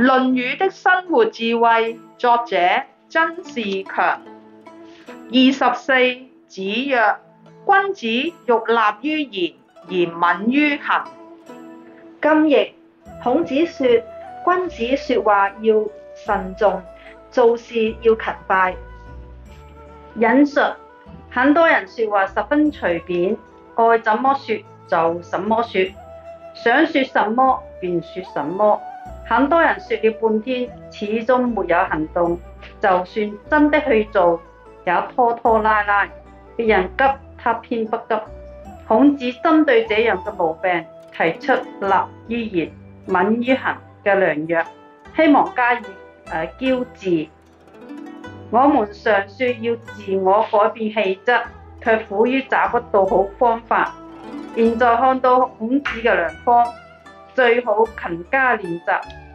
《論語》的生活智慧，作者曾仕強。二十四子曰：君子欲立於言，而敏於行。今譯：孔子說，君子說話要慎重，做事要勤快。引述：很多人說話十分隨便，愛怎麼說就怎麼說，想說什麼便說什麼。很多人説了半天，始終沒有行動。就算真的去做，也拖拖拉拉。別人急，他偏不急。孔子針對這樣嘅毛病，提出立於言，敏於行嘅良藥，希望加以誒矯、呃、治。我們常説要自我改變氣質，卻苦於找不到好方法。現在看到孔子嘅良方，最好勤加練習。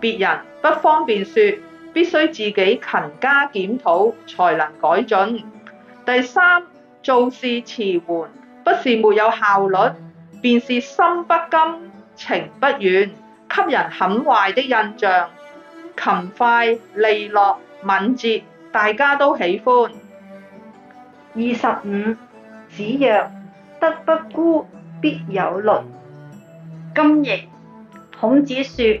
別人不方便説，必須自己勤加檢討，才能改進。第三，做事遲緩，不是沒有效率，便是心不甘情不願，給人很壞的印象。勤快、利落、敏捷，大家都喜歡。二十五，子曰：德不孤，必有鄰。今譯，孔子説。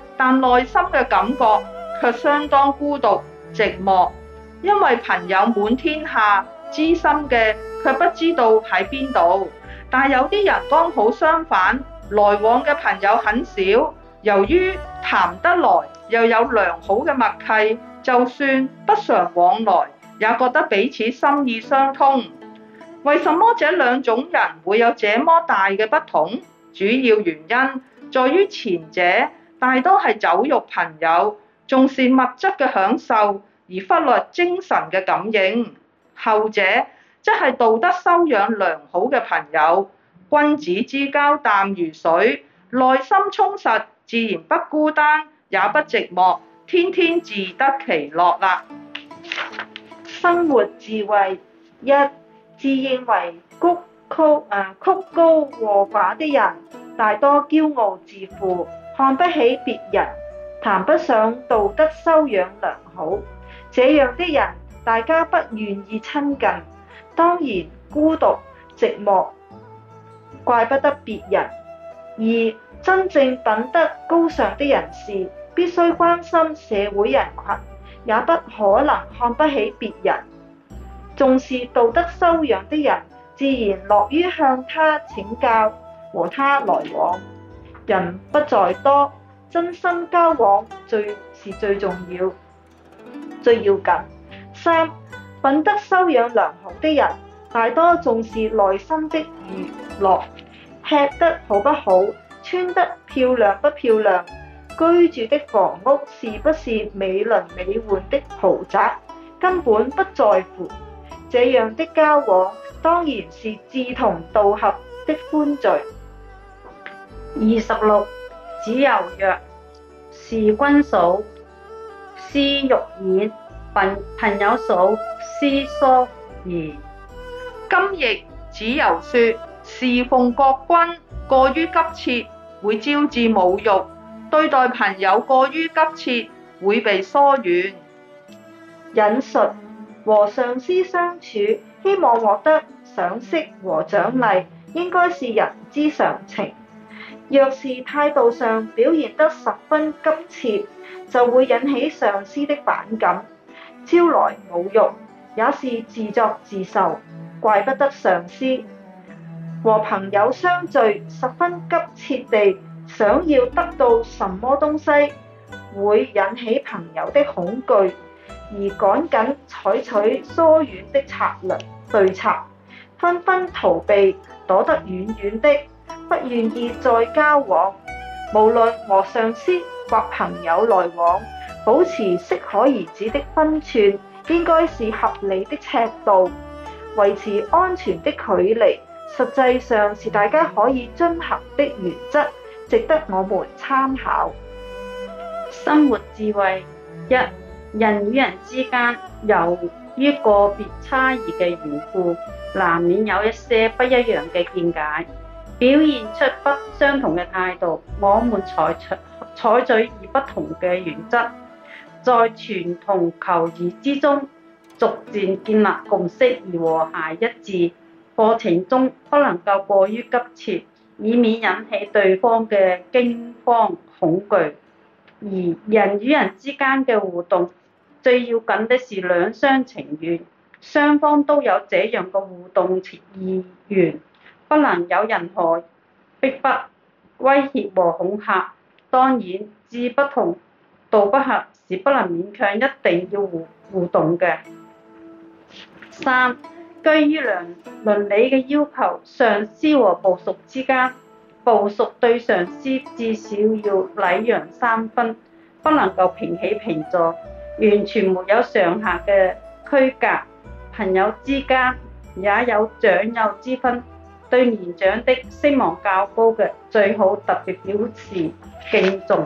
但內心嘅感覺卻相當孤獨寂寞，因為朋友滿天下，知心嘅卻不知道喺邊度。但有啲人剛好相反，來往嘅朋友很少。由於談得來，又有良好嘅默契，就算不常往來，也覺得彼此心意相通。為什麼這兩種人會有這麼大嘅不同？主要原因在於前者。大多係酒肉朋友，重視物質嘅享受，而忽略精神嘅感應。後者即係道德修養良好嘅朋友。君子之交淡如水，內心充實，自然不孤單，也不寂寞，天天自得其樂啦。生活智慧一，自認為曲高啊，曲高和寡的人，大多驕傲自負。看不起別人，談不上道德修養良好，這樣的人大家不願意親近，當然孤獨寂寞，怪不得別人。而真正品德高尚的人士，必須關心社會人群，也不可能看不起別人，重視道德修養的人，自然樂於向他請教和他來往。人不在多，真心交往最是最重要、最要緊。三品德修養良好的人，大多重視內心的娛樂，吃得好不好，穿得漂亮不漂亮，居住的房屋是不是美輪美奐的豪宅，根本不在乎。這樣的交往當然是志同道合的歡聚。二十六子游曰：事君數，斯辱矣，朋友數，斯疏矣。今譯子游說：「侍奉國君過於急切，會招致侮辱；對待朋友過於急切，會被疏遠。」引述和上司相處，希望獲得賞識和獎勵，應該是人之常情。若是態度上表現得十分急切，就會引起上司的反感，招來侮辱，也是自作自受，怪不得上司。和朋友相聚，十分急切地想要得到什麼東西，會引起朋友的恐懼，而趕緊採取疏遠的策略對策，紛紛逃避，躲得遠遠的。不願意再交往，無論和上司或朋友來往，保持適可而止的分寸，應該是合理的尺度。維持安全的距離，實際上是大家可以遵行的原則，值得我們參考。生活智慧一，人與人之間由於個別差異嘅緣故，難免有一些不一樣嘅見解。表現出不相同嘅態度，我們採取採取以不同嘅原則，在傳統求異之中，逐漸建立共識而和諧一致。過程中不能夠過於急切，以免引起對方嘅驚慌恐懼。而人與人之間嘅互動，最要緊的是兩相情願，雙方都有這樣嘅互動意願。不能有任何逼迫、威脅和恐嚇。當然志不同道不合是不能勉強，一定要互互動嘅。三，對於倫倫理嘅要求，上司和部屬之間，部屬對上司至少要禮讓三分，不能夠平起平坐，完全沒有上下嘅區隔。朋友之間也有長幼之分。對年長的、聲望較高嘅，最好特別表示敬重。